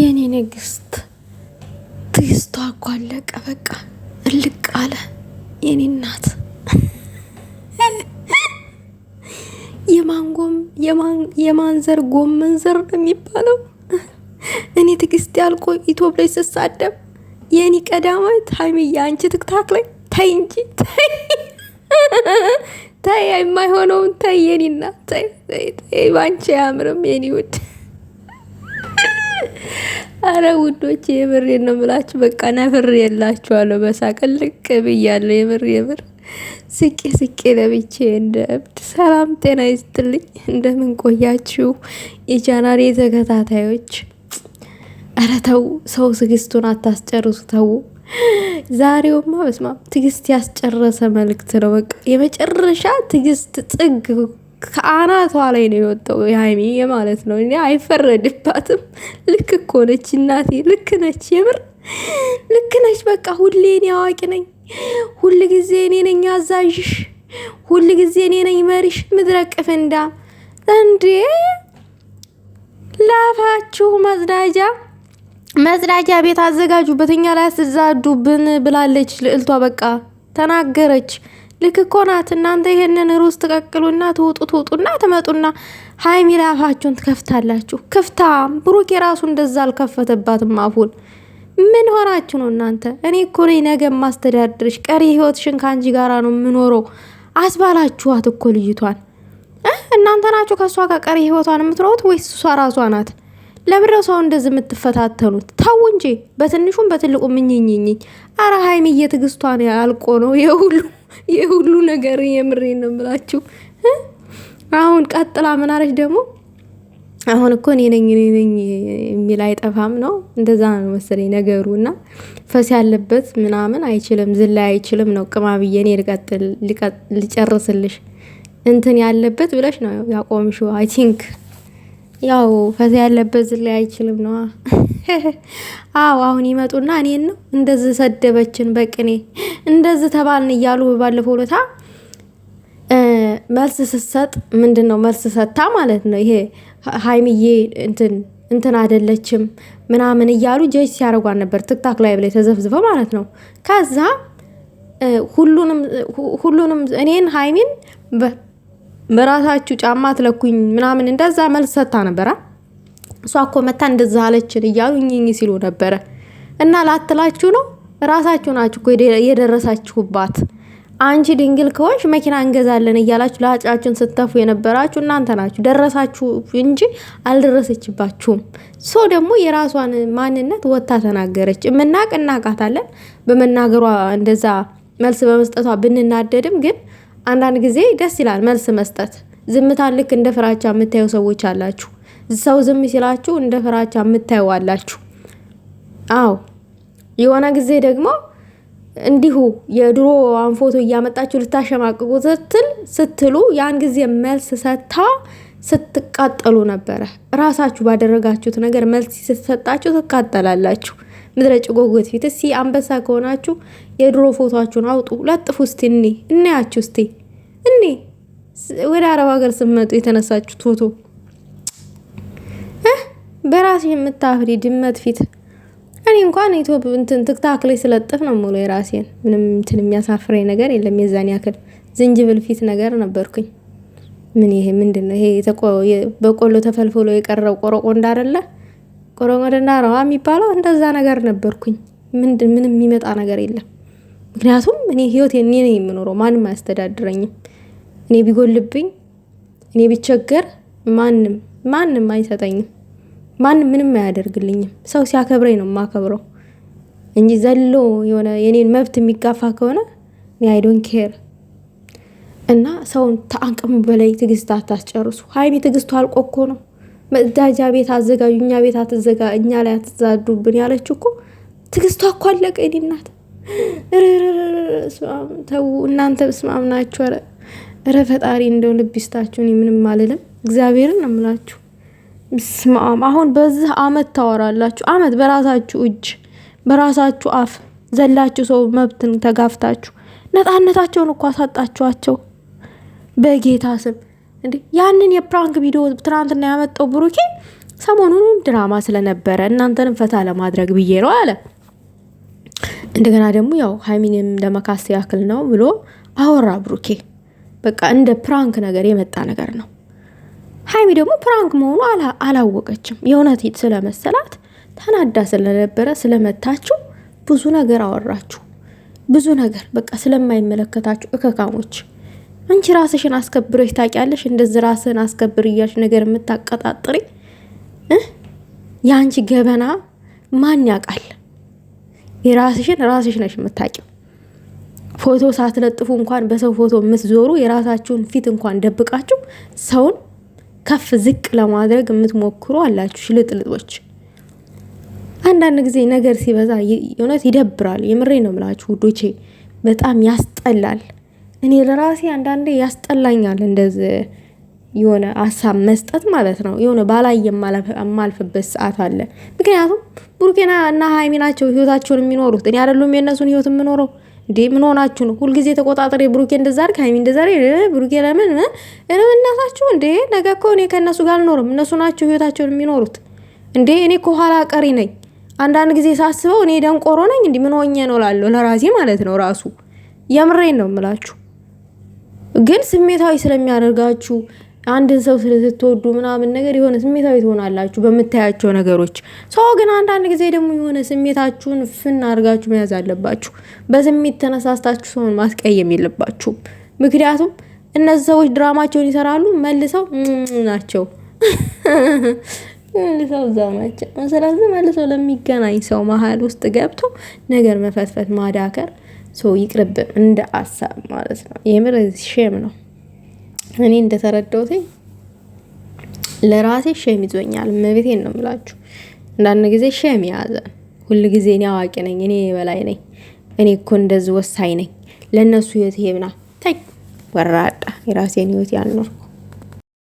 የኔ ንግስት ትዕግስቷ እኮ አለቀ። በቃ እልቅ አለ። የኔ እናት የማንጎም የማንዘር ጎመን ዘር የሚባለው እኔ ትዕግስት ያልቆ ኢትዮ ብለሽ ስሳደብ ቀዳማይ ቀዳማዊት ሀይሚዬ አንቺ ትክታክ ላይ ተይ እንጂ ተይ ተይ፣ የማይሆነውን ተይ። የኔና ተይ ተይ፣ ባንቺ አያምርም የኔ ውድ አረ ውዶች የምሬ ነው ምላችሁ፣ በቃ ነፍር የላችኋለሁ። በሳቅ ልቅ ብያለሁ። የምር የምር ስቄ ስቄ ለብቼ እንደ እብድ። ሰላም ጤና ይስጥልኝ፣ እንደምን ቆያችሁ የጃናሬ ተከታታዮች? አረ ተው ሰው ትግስቱን አታስጨርሱ ተው። ዛሬውማ በስማ ትግስት ያስጨረሰ መልእክት ነው። በቃ የመጨረሻ ትግስት ጥግ ከአናቷ ላይ ነው የወጣው የሀይሚዬ ማለት ነው። እኔ አይፈረድባትም። ልክ እኮ ነች እናቴ፣ ልክ ነች፣ የምር ልክ ነች። በቃ ሁሌ እኔ አዋቂ ነኝ፣ ሁል ጊዜ እኔ ነኝ አዛዥሽ፣ ሁል ጊዜ እኔ ነኝ መሪሽ። ምድረቅፍ እንዳ እንዴ ላፋችሁ መጽዳጃ መጽዳጃ ቤት አዘጋጁበት እኛ ላይ አስዛዱብን ብላለች ልዕልቷ። በቃ ተናገረች። ልክ እኮ ናት። እናንተ ይሄንን ሩዝ ትቀቅሉና ትውጡ ትውጡና ትመጡና ሀይሚ ላፋችሁን ትከፍታላችሁ። ክፍታ ብሩክ የራሱ እንደዛ አልከፈተባትም አፉን። ምን ሆናችሁ ነው እናንተ? እኔ እኮ ነኝ ነገ ማስተዳድርሽ፣ ቀሪ ህይወትሽን ከአንቺ ጋራ ነው የምኖረው አስባላችኋት እኮ ልጅቷን። እናንተ ናችሁ ከእሷ ጋር ቀሪ ህይወቷን የምትኖሩት ወይስ እሷ ራሷ ናት? ለምረው ሰው እንደዚህ የምትፈታተኑት? ተው እንጂ በትንሹም በትልቁ ምኝኝኝ አረ ሀይሚዬ አልቆ ነው የሁሉ የሁሉ ነገር የምሬ ነው ብላችሁ አሁን ቀጥላ ምናለች ደግሞ አሁን እኮ እኔ ነኝ እኔ ነኝ የሚል አይጠፋም ነው። እንደዛ ነው መሰለኝ ነገሩ እና ፈስ ያለበት ምናምን አይችልም ዝላይ አይችልም ነው። ቅማብዬ እኔ ልቀጥል ልጨርስልሽ እንትን ያለበት ብለሽ ነው ያቆምሽው አይ ቲንክ ያው ፈታ ያለበት ላይ አይችልም ነዋ። አዎ አሁን ይመጡና እኔን ነው እንደዚህ ሰደበችን በቅኔ እንደዚህ ተባልን እያሉ ባለፈው ለታ መልስ ስትሰጥ ምንድን ነው መልስ ሰታ ማለት ነው ይሄ ሀይምዬ እንትን እንትን አይደለችም ምናምን እያሉ ጀጅ ሲያደርጓን ነበር ትክታክ ላይ ብላይ ተዘፍዝፈ ማለት ነው። ከዛ ሁሉንም ሁሉንም እኔን ሀይሚን በራሳችሁ ጫማ አትለኩኝ ምናምን እንደዛ መልስ ሰታ ነበራ። እሷ እኮ መታ እንደዛ አለችን እያሉ እኝኝ ሲሉ ነበረ። እና ላትላችሁ ነው ራሳችሁ ናችሁ እኮ የደረሳችሁባት። አንቺ ድንግል ከሆንሽ መኪና እንገዛለን እያላችሁ ለአጫችን ስተፉ የነበራችሁ እናንተ ናችሁ። ደረሳችሁ እንጂ አልደረሰችባችሁም። ሰው ደግሞ የራሷን ማንነት ወታ ተናገረች። የምናቅ እናቃታለን። በመናገሯ እንደዛ መልስ በመስጠቷ ብንናደድም ግን አንዳንድ ጊዜ ደስ ይላል መልስ መስጠት። ዝምታን ልክ እንደ ፍራቻ የምታዩ ሰዎች አላችሁ። ሰው ዝም ሲላችሁ እንደ ፍራቻ የምታዩ አላችሁ። አዎ የሆነ ጊዜ ደግሞ እንዲሁ የድሮ አንፎቶ እያመጣችሁ ልታሸማቅቁት ስትል ስትሉ ያን ጊዜ መልስ ሰታ ስትቃጠሉ ነበረ። እራሳችሁ ባደረጋችሁት ነገር መልስ ስትሰጣችሁ ትቃጠላላችሁ። ምድረ ጭጎጎት ፊት እስቲ አንበሳ ከሆናችሁ የድሮ ፎቶችሁን አውጡ፣ ለጥፉ እስቲ እኔ እናያችሁ እስቲ እኔ ወደ አረብ ሀገር ስትመጡ የተነሳችሁት ፎቶ በራሴ የምታፍሪ ድመት ፊት እኔ እንኳን ኢትዮፕ እንትን ትክታክ ላይ ስለጥፍ ነው ሙሉ የራሴን ምንም እንትን የሚያሳፍረኝ ነገር የለም። የዛን ያክል ዝንጅብል ፊት ነገር ነበርኩኝ። ምን ይሄ ምንድን ነው? ይሄ በቆሎ ተፈልፍሎ የቀረው ቆረቆ እንዳደለ ወረመደና ረዋ የሚባለው እንደዛ ነገር ነበርኩኝ። ምንም የሚመጣ ነገር የለም። ምክንያቱም እኔ ህይወት እኔ ነው የምኖረው፣ ማንም አያስተዳድረኝም። እኔ ቢጎልብኝ፣ እኔ ቢቸገር ማንም ማንም አይሰጠኝም። ማንም ምንም አያደርግልኝም። ሰው ሲያከብረኝ ነው የማከብረው እንጂ ዘሎ የሆነ የኔን መብት የሚጋፋ ከሆነ እኔ አይዶን ኬር እና ሰውን ከአቅሙ በላይ ትግስት አታስጨርሱ። ሀይሚ ትግስቱ አልቆ እኮ ነው። መዳጃ ቤት አዘጋጁ፣ እኛ ቤት አትዘጋ፣ እኛ ላይ አትዛዱብን ያለችው እኮ ትግስቷ እኮ አለቀ። የእኔ እናት ተው እናንተ ብስማም ናችሁ። ኧረ ፈጣሪ እንደው ልብ ይስታችሁ እኔ ምንም አልልም፣ እግዚአብሔርን ነው የምላችሁ። ብስማም አሁን በዚህ አመት ታወራላችሁ። አመት በራሳችሁ እጅ በራሳችሁ አፍ ዘላችሁ ሰው መብትን ተጋፍታችሁ ነፃነታቸውን እኮ አሳጣችኋቸው በጌታ ስም። እንዴ ያንን የፕራንክ ቪዲዮ ትናንትና ያመጣው ብሩኬ ሰሞኑን ድራማ ስለነበረ እናንተንም ፈታ ለማድረግ ብዬ ነው አለ። እንደገና ደግሞ ያው ሀይሚንም ለመካስ ያክል ነው ብሎ አወራ ብሩኬ። በቃ እንደ ፕራንክ ነገር የመጣ ነገር ነው። ሀይሚ ደግሞ ፕራንክ መሆኑ አላወቀችም። የእውነት ስለመሰላት ተናዳ ስለነበረ ስለመታችሁ ብዙ ነገር አወራችሁ። ብዙ ነገር በቃ ስለማይመለከታችሁ እከካሞች አንቺ ራስሽን አስከብረሽ ታውቂያለሽ? እንደዚህ ራስህን አስከብር እያልሽ ነገር የምታቀጣጥሪ የአንቺ ገበና ማን ያውቃል? የራስሽን ራስሽ ነሽ የምታውቂው። ፎቶ ሳትለጥፉ እንኳን በሰው ፎቶ የምትዞሩ የራሳችሁን ፊት እንኳን ደብቃችሁ ሰውን ከፍ ዝቅ ለማድረግ የምትሞክሩ አላችሁ ሽልጥልጦች። አንዳንድ ጊዜ ነገር ሲበዛ እውነት ይደብራል። የምሬ ነው ምላችሁ ውዶቼ፣ በጣም ያስጠላል። እኔ ለራሴ አንዳንዴ ያስጠላኛል እንደዚህ የሆነ ሀሳብ መስጠት ማለት ነው። የሆነ ባላየ የማልፍበት ሰዓት አለ። ምክንያቱም ቡርኬና እና ሀይሚ ናቸው ህይወታቸውን የሚኖሩት። እኔ አይደሉም የእነሱን ህይወት የምኖረው። እንዴ ምን ሆናችሁ ነው ሁልጊዜ ተቆጣጠሬ ብሩኬ እንደዛ አድርግ፣ ሀይሚ እንደዛ ብሩኬ ለምን እንም እናታችሁ እንዴ! ነገ እኮ እኔ ከእነሱ ጋር አልኖርም። እነሱ ናቸው ህይወታቸውን የሚኖሩት። እንዴ እኔ እኮ ኋላ ቀሪ ነኝ። አንዳንድ ጊዜ ሳስበው እኔ ደንቆሮ ነኝ። እንዲ ምን ሆኜ ነው ላለው ለራሴ ማለት ነው። ራሱ የምሬን ነው የምላችሁ ግን ስሜታዊ ስለሚያደርጋችሁ አንድን ሰው ስለስትወዱ ምናምን ነገር የሆነ ስሜታዊ ትሆናላችሁ በምታያቸው ነገሮች። ሰው ግን አንዳንድ ጊዜ ደግሞ የሆነ ስሜታችሁን ፍን አድርጋችሁ መያዝ አለባችሁ። በስሜት ተነሳስታችሁ ሰውን ማስቀየም የለባችሁ። ምክንያቱም እነዚህ ሰዎች ድራማቸውን ይሰራሉ፣ መልሰው ናቸው መልሰው እዛ ናቸው። ስለዚህ መልሰው ለሚገናኝ ሰው መሀል ውስጥ ገብቶ ነገር መፈትፈት ማዳከር ይቅርብን እንደ አሳብ ማለት ነው። የምር ሼም ነው። እኔ እንደተረዳሁት ለራሴ ሼም ይዞኛል። መቤቴን ነው የምላችሁ። አንዳንድ ጊዜ ሼም የያዘ ሁል ጊዜ እኔ አዋቂ ነኝ፣ እኔ የበላይ ነኝ፣ እኔ እኮ እንደዚህ ወሳኝ ነኝ፣ ለእነሱ ህይወት ይሄብና ታይ ወራዳ የራሴን ህይወት ያልኖርኩ